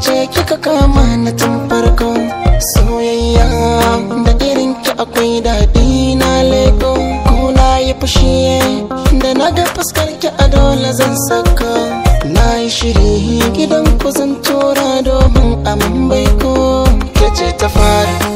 ce kika kama na tun farko soyayya da irin ki akwai daɗi na lego kuna yi fushi da na ga fuskar ki a dole zan saka na yi shiri gidan ku zan tura domin amin bai ko ce ta fara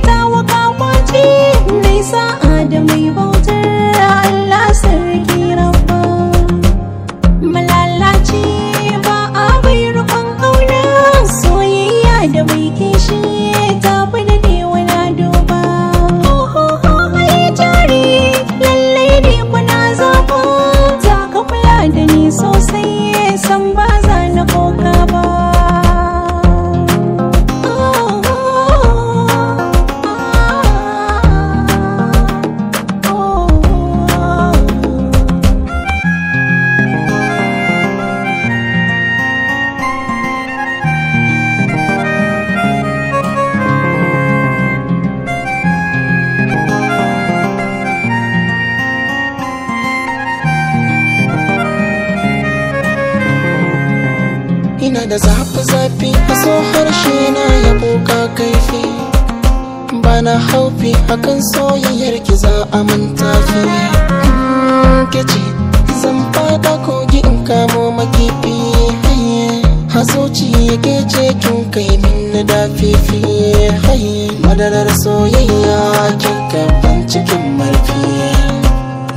get know. da zafi-zafi so harshe na ya ka kaifi bana haufi akan soyayyar ki za a manta ki hmm, ke ce zan fada kogi in kamo makifi hasoci ke ce kin kai min na dafifi madarar soyayya kin kafin cikin marfi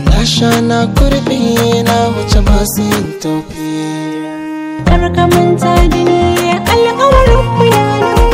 na sha na kurfi na wuce masu yin tofi Karka manta da ni alƙawarin mu na